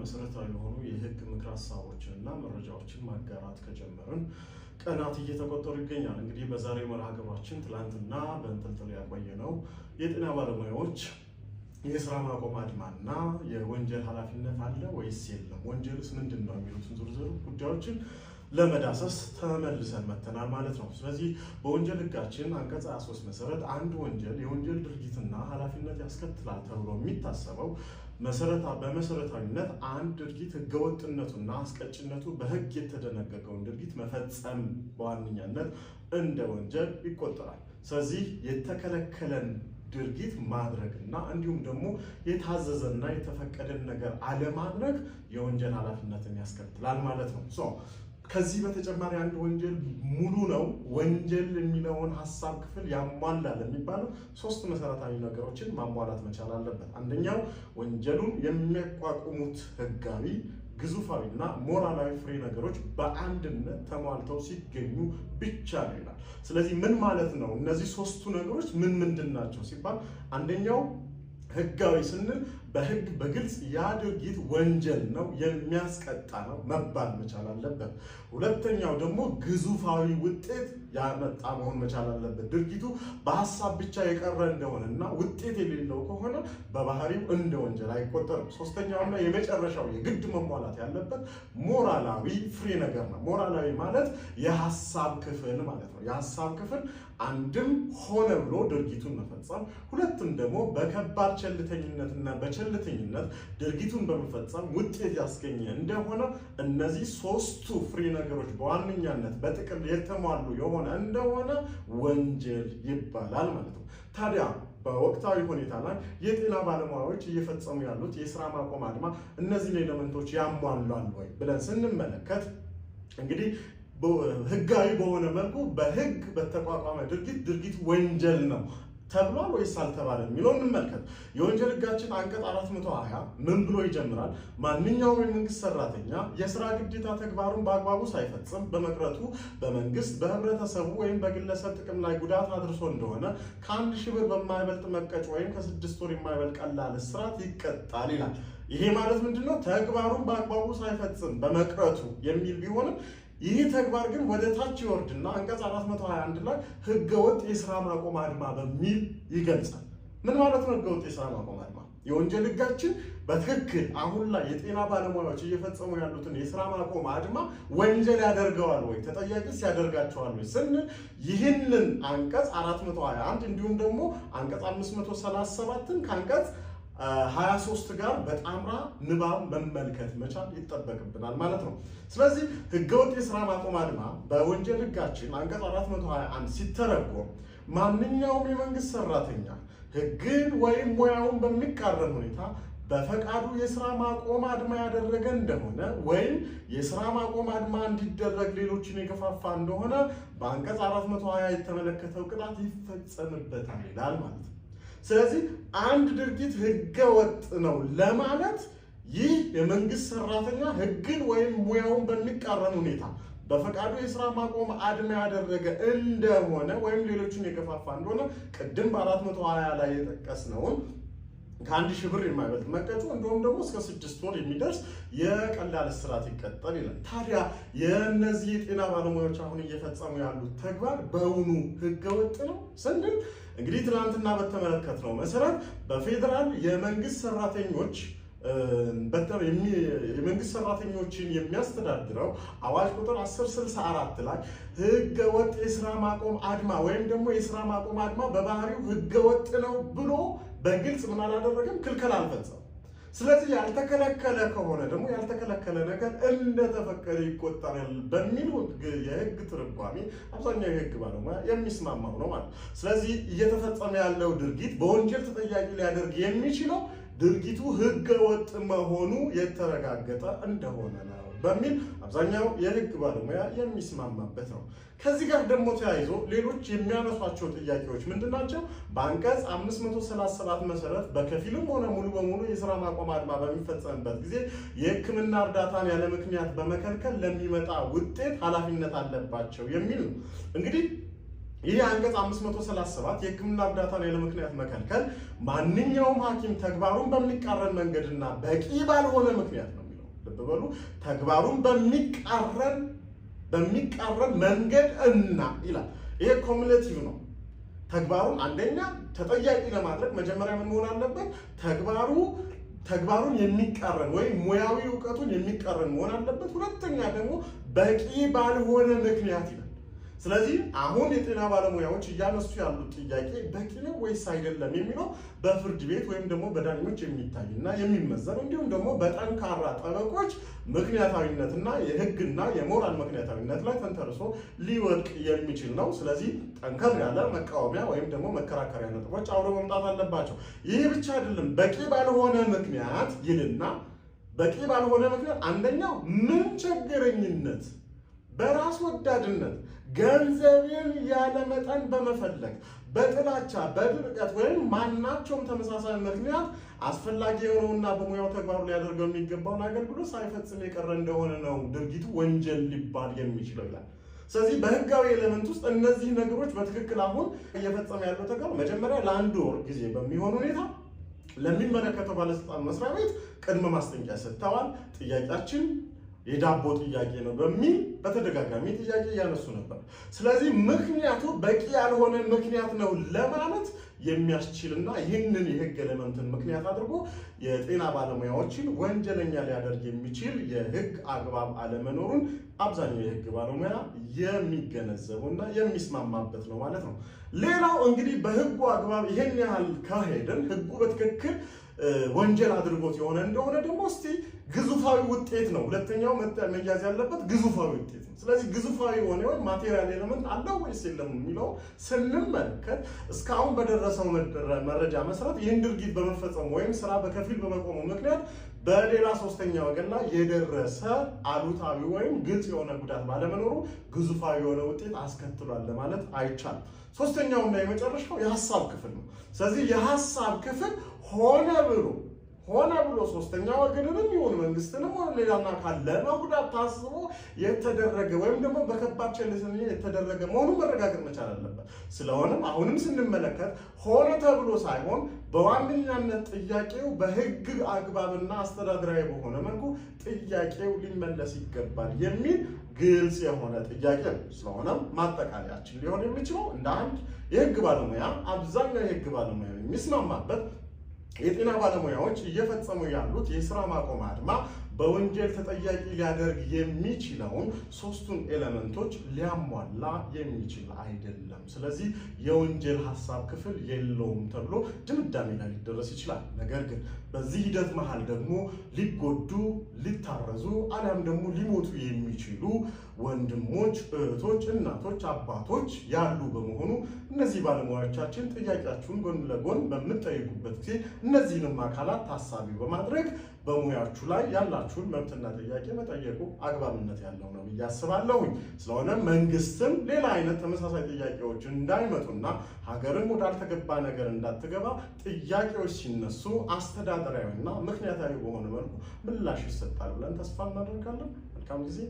መሰረታዊ የሆኑ የህግ ምክር ሀሳቦችን እና መረጃዎችን ማጋራት ከጀመርን ቀናት እየተቆጠሩ ይገኛል። እንግዲህ በዛሬው መርሃ ግብራችን ትላንትና በንጥልጥል ያቆየነው የጤና ባለሙያዎች የስራ ማቆም አድማና የወንጀል ኃላፊነት አለ ወይስ የለም፣ ወንጀልስ ምንድን ነው የሚሉትን ዝርዝር ጉዳዮችን ለመዳሰስ ተመልሰን መተናል ማለት ነው። ስለዚህ በወንጀል ህጋችን አንቀጽ 23 መሰረት አንድ ወንጀል የወንጀል ድርጊትና ኃላፊነት ያስከትላል ተብሎ የሚታሰበው በመሰረታዊነት አንድ ድርጊት ህገወጥነቱና አስቀጭነቱ በህግ የተደነገገውን ድርጊት መፈጸም በዋነኛነት እንደ ወንጀል ይቆጠራል። ስለዚህ የተከለከለን ድርጊት ማድረግ እና እንዲሁም ደግሞ የታዘዘና የተፈቀደን ነገር አለማድረግ የወንጀል ኃላፊነትን ያስከትላል ማለት ነው። ከዚህ በተጨማሪ አንድ ወንጀል ሙሉ ነው ወንጀል የሚለውን ሀሳብ ክፍል ያሟላል የሚባለው ሶስት መሰረታዊ ነገሮችን ማሟላት መቻል አለበት። አንደኛው ወንጀሉን የሚያቋቁሙት ህጋዊ ግዙፋዊ እና ሞራላዊ ፍሬ ነገሮች በአንድነት ተሟልተው ሲገኙ ብቻ ነው ይላል። ስለዚህ ምን ማለት ነው? እነዚህ ሶስቱ ነገሮች ምን ምንድን ናቸው ሲባል አንደኛው ህጋዊ ስንል በህግ በግልጽ ያ ድርጊት ወንጀል ነው፣ የሚያስቀጣ ነው መባል መቻል አለበት። ሁለተኛው ደግሞ ግዙፋዊ ውጤት ያመጣ መሆን መቻል አለበት። ድርጊቱ በሀሳብ ብቻ የቀረ እንደሆነ እና ውጤት የሌለው ከሆነ በባህሪው እንደ ወንጀል አይቆጠርም። ሶስተኛውና የመጨረሻው የግድ መሟላት ያለበት ሞራላዊ ፍሬ ነገር ነው። ሞራላዊ ማለት የሀሳብ ክፍል ማለት ነው። የሀሳብ ክፍል አንድም ሆነ ብሎ ድርጊቱን መፈጸም፣ ሁለትም ደግሞ በከባድ ቸልተኝነትና በቸ ቸልተኝነት ድርጊቱን በመፈጸም ውጤት ያስገኘ እንደሆነ እነዚህ ሶስቱ ፍሬ ነገሮች በዋነኛነት በጥቅል የተሟሉ የሆነ እንደሆነ ወንጀል ይባላል ማለት ነው። ታዲያ በወቅታዊ ሁኔታ ላይ የጤና ባለሙያዎች እየፈጸሙ ያሉት የስራ ማቆም አድማ እነዚህን ኤሌመንቶች ያሟላል ወይ ብለን ስንመለከት እንግዲህ ህጋዊ በሆነ መልኩ በህግ በተቋቋመ ድርጊት ድርጊት ወንጀል ነው ተብሏል ወይስ አልተባለ የሚለው እንመልከት። የወንጀል ህጋችን አንቀጽ 420 ምን ብሎ ይጀምራል? ማንኛውም የመንግስት ሰራተኛ የስራ ግዴታ ተግባሩን በአግባቡ ሳይፈጽም በመቅረቱ በመንግስት በህብረተሰቡ ወይም በግለሰብ ጥቅም ላይ ጉዳት አድርሶ እንደሆነ ከአንድ ሺህ ብር በማይበልጥ መቀጮ ወይም ከስድስት ወር የማይበልጥ ቀላል እስራት ይቀጣል ይላል። ይሄ ማለት ምንድነው? ተግባሩን በአግባቡ ሳይፈጽም በመቅረቱ የሚል ቢሆንም ይህ ተግባር ግን ወደ ታች ይወርድና አንቀጽ 421 ላይ ህገወጥ የስራ ማቆም አድማ በሚል ይገልጻል። ምን ማለት ነው ህገወጥ የስራ ማቆም አድማ? የወንጀል ህጋችን በትክክል አሁን ላይ የጤና ባለሙያዎች እየፈጸሙ ያሉትን የስራ ማቆም አድማ ወንጀል ያደርገዋል ወይ ተጠያቂስ ያደርጋቸዋል ወይ ስንል ይህንን አንቀጽ 421 እንዲሁም ደግሞ አንቀጽ 537ን ከአንቀጽ 23 ጋር በጣምራ ንባብ መመልከት መቻል ይጠበቅብናል ማለት ነው። ስለዚህ ህገወጥ የስራ ማቆም አድማ በወንጀል ህጋችን አንቀጽ 421 ሲተረጎም ማንኛውም የመንግስት ሰራተኛ ህግን ወይም ሙያውን በሚቃረን ሁኔታ በፈቃዱ የስራ ማቆም አድማ ያደረገ እንደሆነ ወይም የስራ ማቆም አድማ እንዲደረግ ሌሎችን የገፋፋ እንደሆነ በአንቀጽ 420 የተመለከተው ቅጣት ይፈጸምበታል ይላል ማለት ነው። ስለዚህ አንድ ድርጊት ህገ ወጥ ነው ለማለት ይህ የመንግስት ሰራተኛ ህግን ወይም ሙያውን በሚቃረን ሁኔታ በፈቃዱ የስራ ማቆም አድማ ያደረገ እንደሆነ ወይም ሌሎችን የገፋፋ እንደሆነ ቅድም በአራት መቶ ሀያ ላይ የጠቀስነውን ከአንድ ሺህ ብር የማይበልጥ መቀጮ እንዲሁም ደግሞ እስከ ስድስት ወር የሚደርስ የቀላል እስራት ይቀጣል ይላል። ታዲያ የእነዚህ የጤና ባለሙያዎች አሁን እየፈጸሙ ያሉት ተግባር በውኑ ህገወጥ ነው ስንል እንግዲህ ትናንትና በተመለከት ነው መሰረት በፌዴራል የመንግስት ሰራተኞች የመንግስት ሰራተኞችን የሚያስተዳድረው አዋጅ ቁጥር 1064 ላይ ህገ ወጥ የስራ ማቆም አድማ ወይም ደግሞ የስራ ማቆም አድማ በባህሪው ህገ ወጥ ነው ብሎ በግልጽ ምን አላደረገም? ክልከል አልፈጸም። ስለዚህ ያልተከለከለ ከሆነ ደግሞ ያልተከለከለ ነገር እንደተፈቀደ ይቆጠራል በሚል የህግ ትርጓሜ አብዛኛው የህግ ባለሙያ የሚስማማው ነው ማለት። ስለዚህ እየተፈጸመ ያለው ድርጊት በወንጀል ተጠያቂ ሊያደርግ የሚችለው ድርጊቱ ህገ ወጥ መሆኑ የተረጋገጠ እንደሆነ ነው። በሚል አብዛኛው የህግ ባለሙያ የሚስማማበት ነው። ከዚህ ጋር ደግሞ ተያይዞ ሌሎች የሚያነሷቸው ጥያቄዎች ምንድን ናቸው? በአንቀጽ 537 መሰረት በከፊልም ሆነ ሙሉ በሙሉ የስራ ማቆም አድማ በሚፈጸምበት ጊዜ የህክምና እርዳታን ያለ ምክንያት በመከልከል ለሚመጣ ውጤት ኃላፊነት አለባቸው የሚል ነው። እንግዲህ ይህ አንቀጽ 537 የህክምና እርዳታን ያለ ምክንያት መከልከል ማንኛውም ሐኪም ተግባሩን በሚቃረን መንገድና በቂ ባልሆነ ምክንያት ነው ልብ በሉ ተግባሩን በሚቃረን በሚቃረን መንገድ እና ይላል። ይሄ ኮሚሌቲቭ ነው። ተግባሩን አንደኛ ተጠያቂ ለማድረግ መጀመሪያ ምን መሆን አለበት? ተግባሩ ተግባሩን የሚቃረን ወይም ሙያዊ እውቀቱን የሚቃረን መሆን አለበት። ሁለተኛ ደግሞ በቂ ባልሆነ ምክንያት ይላል ስለዚህ አሁን የጤና ባለሙያዎች እያነሱ ያሉት ጥያቄ በቂ ነው ወይስ አይደለም የሚለው በፍርድ ቤት ወይም ደግሞ በዳኞች የሚታይና የሚመዘን እንዲሁም ደግሞ በጠንካራ ጠበቆች ምክንያታዊነትና የሕግና የሞራል ምክንያታዊነት ላይ ተንተርሶ ሊወድቅ የሚችል ነው። ስለዚህ ጠንከር ያለ መቃወሚያ ወይም ደግሞ መከራከሪያ ነጥቦች አብረው መምጣት አለባቸው። ይህ ብቻ አይደለም። በቂ ባልሆነ ምክንያት ይልና በቂ ባልሆነ ምክንያት አንደኛው ምን ቸገረኝነት፣ በራስ ወዳድነት ገንዘብን ያለ መጠን በመፈለግ በጥላቻ በድርቀት ወይም ማናቸውም ተመሳሳይ ምክንያት አስፈላጊ የሆነውና በሙያው ተግባሩ ሊያደርገው የሚገባውን አገልግሎት ሳይፈጽም የቀረ እንደሆነ ነው ድርጊቱ ወንጀል ሊባል የሚችለው ይላል። ስለዚህ በህጋዊ ኤሌመንት ውስጥ እነዚህ ነገሮች በትክክል አሁን እየፈጸመ ያለው ተግባር መጀመሪያ ለአንድ ወር ጊዜ በሚሆን ሁኔታ ለሚመለከተው ባለስልጣን መስሪያ ቤት ቅድመ ማስጠንቂያ ሰጥተዋል። ጥያቄያችን የዳቦ ጥያቄ ነው በሚል በተደጋጋሚ ጥያቄ እያነሱ ነበር። ስለዚህ ምክንያቱ በቂ ያልሆነ ምክንያት ነው ለማለት የሚያስችልና ይህንን የህግ ኤሌመንትን ምክንያት አድርጎ የጤና ባለሙያዎችን ወንጀለኛ ሊያደርግ የሚችል የህግ አግባብ አለመኖሩን አብዛኛው የህግ ባለሙያ የሚገነዘቡና የሚስማማበት ነው ማለት ነው። ሌላው እንግዲህ በህጉ አግባብ ይህን ያህል ከሄድን ህጉ በትክክል ወንጀል አድርጎት የሆነ እንደሆነ ደግሞ እስቲ ግዙፋዊ ውጤት ነው። ሁለተኛው መያዝ ያለበት ግዙፋዊ ውጤት ነው። ስለዚህ ግዙፋዊ የሆነ ወይ ማቴሪያል ኤለመንት አለው ወይስ የለም የሚለው ስንመለከት እስካሁን በደረሰው መረጃ መሰረት ይህን ድርጊት በመፈጸሙ ወይም ስራ በከፊል በመቆሙ ምክንያት በሌላ ሶስተኛ ወገን ላይ የደረሰ አሉታዊ ወይም ግልጽ የሆነ ጉዳት ባለመኖሩ ግዙፋዊ የሆነ ውጤት አስከትሏል ለማለት አይቻልም። ሶስተኛውና የመጨረሻው የሀሳብ ክፍል ነው። ስለዚህ የሀሳብ ክፍል ሆነ ብሎ ሆነ ብሎ ሶስተኛ ወገንንም ይሁን መንግስትንም ሆነ ሌላና አካል ለመጉዳት ታስቦ የተደረገ ወይም ደግሞ በከባድ ቸልተኝነት የተደረገ መሆኑን መረጋገጥ መቻል አለበት። ስለሆነም አሁንም ስንመለከት ሆነ ተብሎ ሳይሆን በዋነኛነት ጥያቄው በህግ አግባብና አስተዳደራዊ በሆነ መልኩ ጥያቄው ሊመለስ ይገባል የሚል ግልጽ የሆነ ጥያቄ ነው። ስለሆነም ማጠቃለያችን ሊሆን የሚችለው እንደ አንድ ባለሙያ አብዛኛው የህግ ባለሙያ የሚስማማበት የጤና ባለሙያዎች እየፈጸሙ ያሉት የስራ ማቆም አድማ በወንጀል ተጠያቂ ሊያደርግ የሚችለውን ሶስቱን ኤሌመንቶች ሊያሟላ የሚችል አይደለም። ስለዚህ የወንጀል ሀሳብ ክፍል የለውም ተብሎ ድምዳሜ ላይ ሊደረስ ይችላል። ነገር ግን በዚህ ሂደት መሀል ደግሞ ሊጎዱ፣ ሊታረዙ አሊያም ደግሞ ሊሞቱ የሚችሉ ወንድሞች፣ እህቶች፣ እናቶች፣ አባቶች ያሉ በመሆኑ እነዚህ ባለሙያዎቻችን ጥያቄያችሁን ጎን ለጎን በምጠይቁበት ጊዜ እነዚህንም አካላት ታሳቢ በማድረግ በሙያችሁ ላይ ያላችሁን መብትና ጥያቄ መጠየቁ አግባብነት ያለው ነው ብዬ አስባለሁኝ። ስለሆነ መንግስትም ሌላ አይነት ተመሳሳይ ጥያቄዎች እንዳይመጡና ሀገርም ወዳልተገባ ነገር እንዳትገባ ጥያቄዎች ሲነሱ አስተዳደራዊና ምክንያታዊ በሆነ መልኩ ምላሽ ይሰጣል ብለን ተስፋ እናደርጋለን። መልካም ጊዜ